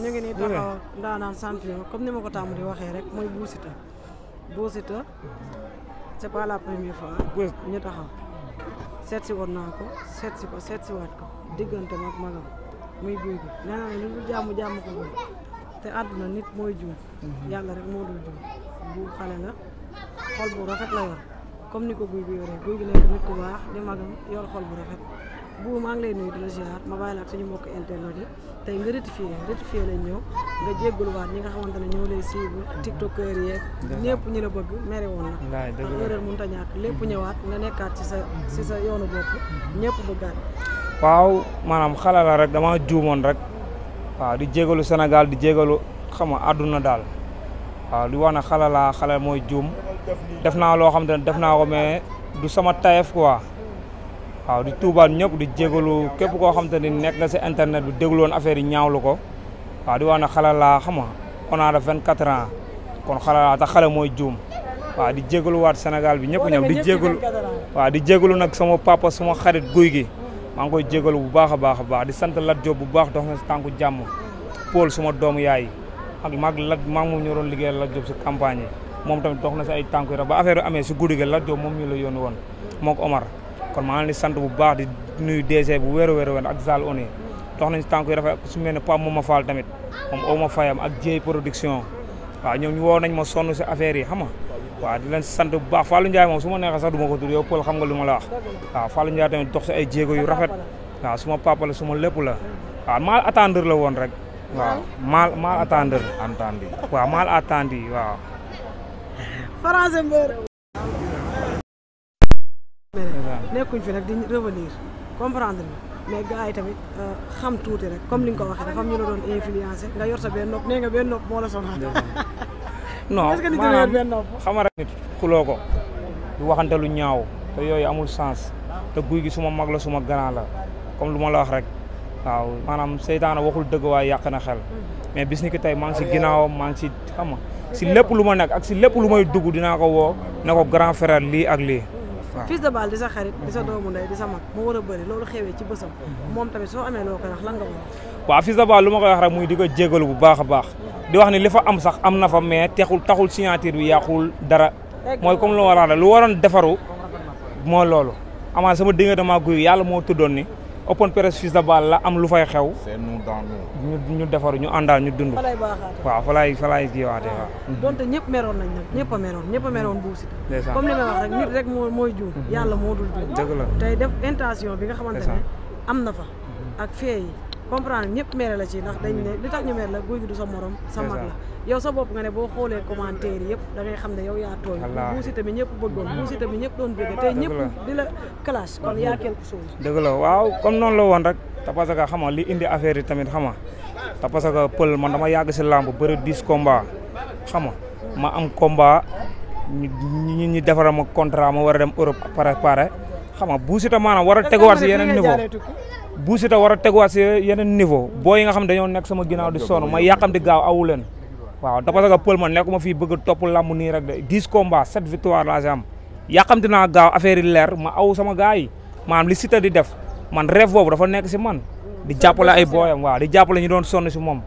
ñu ngi nii taxaw ndaanaan champion comme ni ma ko tàmm di waxee rek mooy Bou Siteu Bou Siteu c'est pas la première fois ñu taxaw seetsi woon naa ko seet si ko waat ko diggante mag magam muy guy gi nee naa lu jàmm jàmm ko gën te àdduna nit mooy juum mhm. yàlla rek moo dul juum bu xale la xol bu rafet la yor comme ni ko guy bi yoree guy gi nekk nit baax di magam yor xol bu rafet bu maa ngi lay nuyu di la ziar ma bàyyi la ak suñu mbokk internet yi tey nga rectifié rectifié lañ ñëw nga jéggul waat ñi nga xamante ne ñoo lay suivre tiktokeur yeeg ñëpp ñu la bëgg mere woon la ak erreur mënut a ñàkk lépp mhm. ñëwaat nga nekkaat ci sa mhm. ci sa yoonu bopp mhm. ñëpp bëggaat waaw maanaam xala rek dama juumoon rek waaw di jégalu senegal di jégalu xam nga àdduna daal waaw di wax na xalalaa laa mooy juum def naa loo xam te ne def naa ko mais du sama tayef quoi waaw di tuubaat ñëpp di jégalu képp koo xam te ni nekk si internet bi dégluwoon affaire yi ñaawlu ko waaw di wax na xale laa xam nga on a 24 ans kon xale tax xale mooy juum waaw di jégaluwaat Sénégal bi ñëpp ñëw di jégalu waaw di jégalu nag sama papa sama xarit guy gi maa ngi koy jégalu bu baax a baax a baax di sant Lat Diop bu baax dox na si tànku jàmm Paul suma doom yaay ak maag Lat maa ngi ñoroon liggéeyal Lat Diop si campagne yi moom tamit dox na si ay tànku yi ba affaire amee si guddi gi Lat Diop moom mii la yoon woon moog Omar kon maa ngi sant bu baax di nuyu DG bu wér a wér a wér ak Zal Oné dox nañ tànk yu rafet su mel ne Pape Mouma tamit moom aw ma fayam ak Dieye production waaw ñoom ñu woo nañ ma sonn si affaire yi xam nga waaw di leen sant bu baax Fallou Ndiaye moom su ma neexee sax du ko tudd yow Paul xam nga lu ma la wax waaw Fallou Ndiaye tamit dox si ay jéego yu rafet waaw suma papa la suma lépp la waaw mal attendre la woon rek waa mal mal attendre entendu waaw mal attendi waaw français mbër nekkuñ fi rek di revenir comprendre mais gars yi tamit euh, xam tuuti rek comme li nga ko waxee dafa am ñu la doon influencé nga yor sa benn nopp nee nga benn nopp moo la sonal. non est rek nit xuloo ko du waxante lu ñaaw te yooyu amul sens te guy gi suma mag la suma grand la comme lu ma la wax rek waaw maanaam seytaana waxul dëgg waaye yàq na xel mm-hmm. mais bis ki tey maa si ginnaawam maa ngi si xam si lépp lu ma nekk ak si lépp lu may dugg dinaa ko woo ne ko grand frère lii ak lii fils de balle di sa xarit di sa mm-hmm. doomu ndey di sa mag mu war a bëri loolu xewee ci bësam mm-hmm. moom tamit soo amee loo koy wax lan nga wax waaw fils de balle lu ma koy wax rek muy di ko jégalu bu baax a baax di wax ni li fa am sax am na fa mais texul taxul signature bi yaaxul dara mooy comme lu ma wax lu waroon defaru moo loolu amaan sama diggante maa guy yàlla moo tuddoon ni open press Fils de Balla la am lu fay xew. ñu ñu defaru ñu àndaal ñu dund. waaw fa laay fa laay jiwaatee waaw. donte ñëpp meroon nañ nag ñëpp a meroon ñëpp a meroon Bou Siteu. comme li may wax rek nit mooy juum. Mhm. yàlla moo dul juum. dëgg tey def intention bi nga xamante ne am na fa mhm. ak fee comprendre ñëpp mere la ci ndax dañ ne mm. li tax ñu la guy gi sa morom sa mag la yow sa bopp nga ne boo xoolee commentaire yëpp da xam ne yow yaa tooñ buusi tamit ñëpp bëggoon buusi tamit ñëpp doon bëgg ñëpp di la clash waaw comme noonu la woon rek te parce que li indi affaire yi tamit xama te parce que pël man dama yàgg si làmb bëri dix combat xama ma am combat ñu ñu defara ma contrat ma war a dem Europe pare pare xama buusi ta maanaam war a teguwaat si yeneen niveau Bou Siteu war a teguwaat si yeneen niveau boo yi nga xam ne dañoo nekk sama ginnaaw di sonn ma yàqamti gaaw awu leen waaw da parce que pël man nekkuma fii bëgg topp làmb nii rek de 10 combats 7 victoire laa si am yàqamti naa gaaw affaire yi leer ma aw sama gars yi maanaam li Siteu di def man rêve boobu dafa nekk si man di jàppale ay booyam waaw di jàppale ñu doon sonn si moom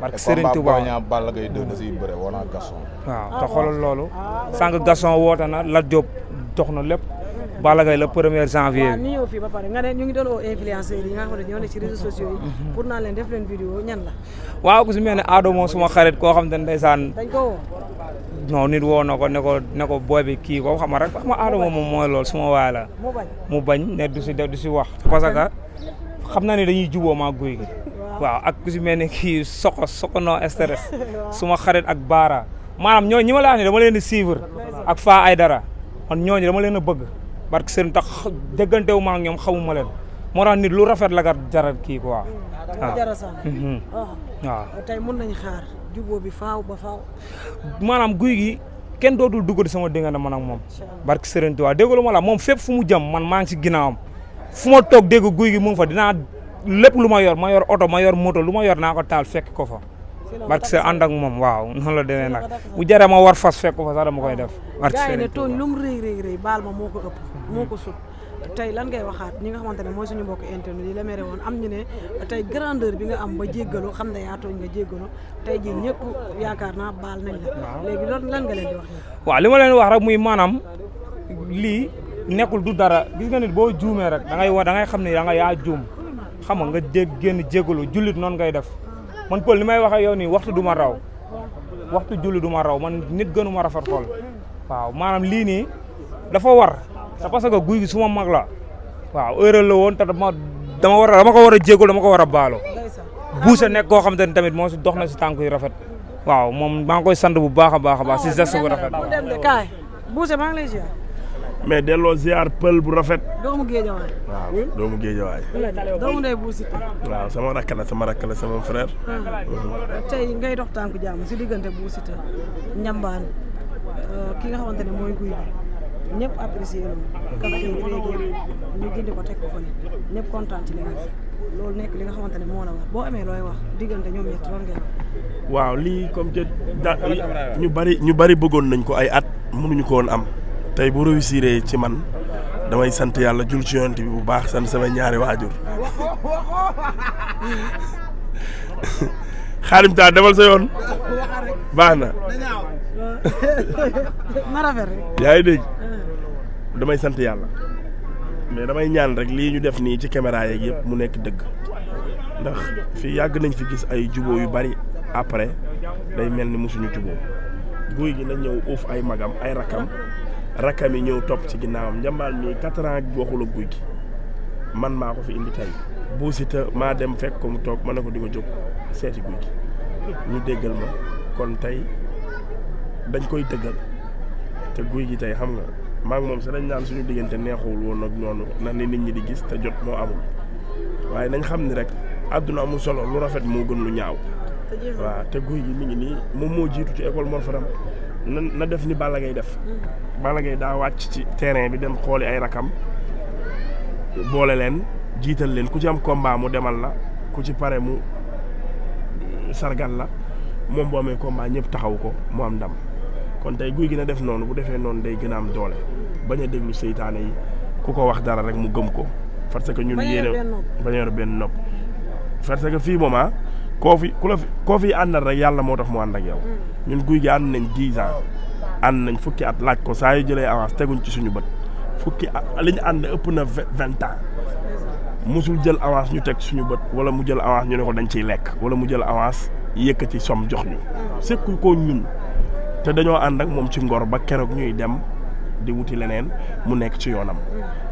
barke Serigne Touba Balla Gaye dëgg na si bëre wala Gaston waaw te ah xoolal loolu ah. sànq Gaston woote na la Diop jox na lépp Balla Gaye le premier janvier. waaw ñu ñëw fii ba ñu ngi doon woo influenceurs yi nga xam ne ne ci réseaux sociaux yi. Mhm. ne Adamo suma xarit koo xam te ne ndeysaan. dañ ko woo. nit woo na ko ne ko ne ko booy kii ko xam rek xam nga Adamo moom mooy loolu suma waay la. mu bañ mu ne du si du si wax. parce que xam naa ne dañuy juboo maa guy waaw ak ku si mel ne kii Soko Soko no stress. suma xarit ak Baara. maanaam ñoo ñi ma la wax ne dama leen di suivre. ak Fa Aydara man ñooñu dama leen a bëgg barke sëriñ tax déggantewu ma ak ñoom xamuma leen moo tax nit lu rafet la gar jaral kii quoi. Hmm. waaw waaw jaral sax. waaw maanaam guy gii kenn dootul duggal sama diggante man ak moom. barke sëriñ Tuubaa déggalu ma la moom fépp fu mu jëm man maa ngi si ginnaawam fu ma toog dégg guy gi mu ngi fa dinaa lépp lu ma yor ma yor oto ma yor moto lu ma yor naa ko taal fekk ko fa. barke se ànd moom waaw noonu la demee nag bu jëree ma war fas fekk fa sax dama koy def. barke se ne tooñ lu mu rëy rëy rëy baal ma moo ko ëpp hmm. moo ko sut tey lan ngay waxaat ñi nga xamante ne mooy suñu mbokk internet yi la mere woon am ñu ne tey grandeur bi nga am ba jéggalu xam ne yaa tooñ nga jéggalu tey ji ñëpp yaakaar naa baal nañ la. léegi loolu lan waaw li ma leen wax rek muy maanaam lii nekkul du dara gis nga nit boo juumee rek da ngay da ngay xam ne da yaa juum xam nga nga jég génn jéggalu jullit noonu ngay def man Paul li may wax ak yow nii waxtu du ma raw waxtu julli du ma raw man nit gënu ma rafet xool waaw maanaam lii nii dafa war c'est parce que guy gi suma ma mag la waaw heure la woon te dama dama war a dama ko war a jéego dama ko war a baalo buusa nekk koo xam te ne tamit moo si dox na si tànk yu rafet waaw moom maa ngi koy sant bu baax a baax a baax si geste bu rafet. buuse maa mais delloo ziar pël bu rafet. doomu géejawaay. waaw doomu ndey bu Siteu. waaw sama rakk la sama rakk la sama frère. Ah. Mhm. tey ngay dox tànku jàmm si diggante bu Siteu ñambaan euh, ki nga xamante ne mooy guy bi ñëpp apprécié loolu. kàddu yi ñu nekk li nga xamante ne moo la wax boo amee looy wax diggante ñoom ñett loolu ngeen waaw lii comme que da ñu bari ñu bari bëggoon nañ ko ay at mënuñu ko woon am. tey bu réussiree ci man damay sant yàlla jul ci yonent bi bu baax sant samay ñaari waajur xaalim taa demal sa yoon baax na yaa ngi dégg damay sant yàlla mais damay ñaan rek lii ñu def nii ci caméra yeeg yëpp mu nekk dëgg ndax fii yàgg nañ fi gis ay juboo yu bari après day mel ni mosuñu juboo guy gi na ñëw uuf ay magam ay rakam rakkam yi ñëw topp ci ginnaawam njambaal mi quatre ans waxula guy gi man maa ko fi indi tey Bou maa dem fekk ko mu toog ma ne ko di nga jóg seeti guy gi ñu déggal ma kon tey dañ koy dëggal te guy gi tey xam nga maa moom sax dañ naan suñu diggante neexul woon ak noonu na ni nit ñi di gis te jot moo amul waaye nañ xam ni rek àdduna mu solo lu rafet moo gën lu ñaaw waaw te guy gi mi ngi nii moom moo jiitu ci école Mor na na def ni Balla Gaye def Balla Gaye daa wàcc ci terrain bi dem xooli ay rakam boole leen jiital leen ku ci am combat mu demal la ku ci pare mu sargal la moom boo amee combat ñëpp taxaw ko mu am ndam kon tey guy gi na def noonu bu defee noonu day gën a am doole bañ a déglu seytaane yi ku ko wax dara rek mu gëm ko parce que ñun yéene bañ a benn nopp parce que fii moment ah, koo fi ku la fi koo àndal rek yàlla moo tax mu ànd ak yow mm. ñun guy gi ànd nañ dix ans ànd nañ fukki at laaj ko saa yu jëlee avance teguñ ci suñu bët fukki at li ànd ëpp na vingt ans musul jël avance ñu teg suñu bët wala mu jël avance ñu ne ko dañ ciy lekk wala mu jël avance yëkkati som jox ñu. Mm. sëkku ko ñun te dañoo ànd ak moom ci ngor ba keroog ñuy dem. di wuti leneen mu nekk ci yoonam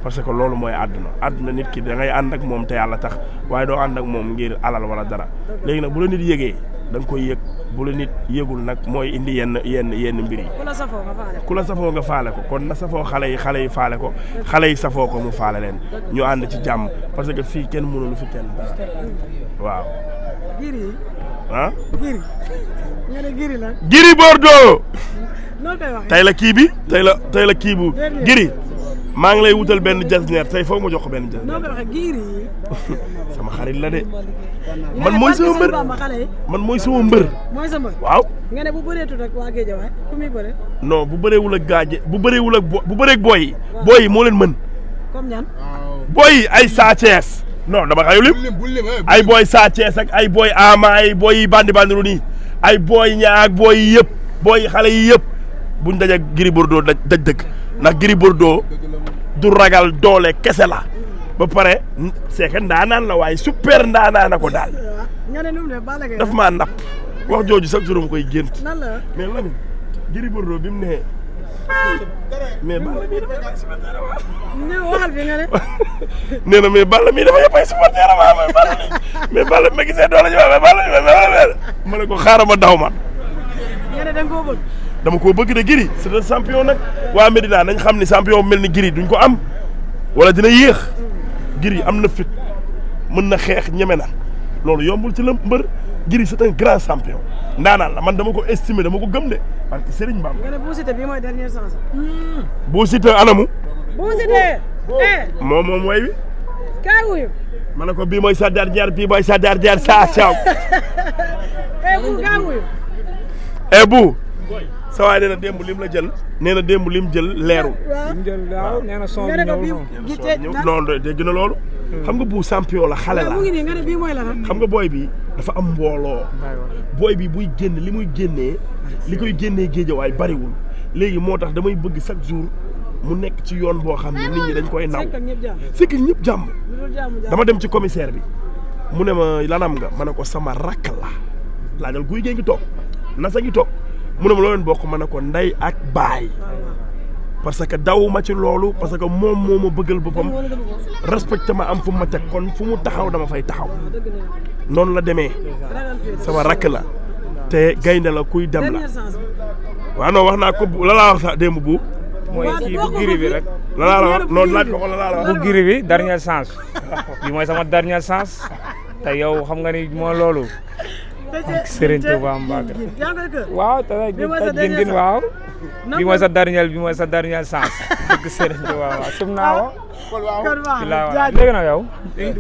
parce que loolu mooy àdduna àdduna nit ki dangay ngay ànd ak moom te yàlla tax waaye doo ànd ak moom ngir alal wala dara léegi nag bu la nit yëgee da koy yëg bu la nit yëgul nag mooy indi yenn yenn yenn mbir yi. ku la safoo nga faale ko ku la safoo faale ko kon na safoo xale yi xale yi faale ko xale yi safoo ko mu faale leen ñu ànd ci jàmm parce que fii kenn mënul fi kenn dara waaw. giri. ah tey la kii bi la tey la kii bu giri maa ngi lay wutal benn jasneer tey foog ma jox ko benn jasneer sama xarit la de man mooy sama mbër man mooy sama mbër. mooy sama mbër waaw. nga bu bëreetul rek waa géej waay bu bëreewul ak gaaje bu bëreewul booy yi. booy yi moo mën. comme ay Sa Thiès. non dama xayu lim ay booy Sa Thiès ak ay booy Ama ay booy yi bandi bandi ru nii ay booy ñaa ak booy yi yëpp booy xale yi yëpp. buñ daj ak Gris Bordeaux daj daj dëgg ndax Gris Bordeaux du ragal doole kese la ba pare c'est que ndaanaan la waaye super ndaanaan na ko daal daf maa napp wax jooju sax juróom koy gént mais Lamine Gris Bordeaux bi mu nee mais Balla mii dafa nee na mais Balla mii dafa yëpp ay supporter ma mais Balla bi ma gisee doole ji ma mais Balla ma ne ko xaaral ma daw ma. dama koo bëgg de Gris c'est un champion nag waa Medina nañ xam ni champion mel ni Gris duñ ko am wala dina yéex Gris am na fit mën na xeex ñeme na loolu yombul ci la mbër Gris c'est un grand champion ndaanaan la man dama ko estimer dama ko gëm de parce que Serigne Bamba. nga ne Bou Siteu mooy dernière eh. moom moom way wi. kaay wuyu. ma ne ko bii mooy sa dernière bii mooy sa dernière saa saa. eh Bou kaay wuyu. eh sa waay na démb lim la jël nee na démb lim jël leerul. lim jël waaw nee na son bi ñëw non dégg na loolu. Hmm. xam nga bu champion la xale la xam nga booy bi dafa am mbooloo. booy bi buy génn li muy génnee li koy génnee géejawaay bariwul léegi moo tax damay bëgg chaque jour. mu nekk ci yoon boo xam ne nit ñi dañ koy naw sikk ñëpp jàmm dama dem ci commissaire bi mu ne ma lanam nga ma ne ko sama rakk la laajal guy gée ngi toog nasa ngi toog mu ne ma loo leen bokk ma ne ko ndey ak baay parce que daw ma ci loolu parce que moom moo ma bëggal boppam respecte ma am fu ma teg kon fu mu taxaw dama fay taxaw noonu la demee sama rakk la te gaynde la kuy dem la waaw non wax naa ko la laa wax sax démb bu mooy kii bu giri bi rek. la laa la wax noonu laaj ko ko la la wax. bu giri bi dernière chance bi mooy sama dernière chance te yow xam nga ni moo loolu. ak Serigne Touba Mbacké waaw taj gin waaw bi mooy sa dernier bi mooy sa dernier chance ak Serigne Touba waaw sum naa ah. wo léegi nag yow eh,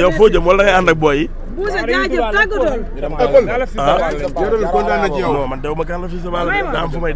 yow foo jëm wala ngay ànd ak booy yi Boucher jaajëf tàggatoo ah. la fi sa ah. baal kontaan na ci yow non man dew ma kan la fi sa baal daa am fu may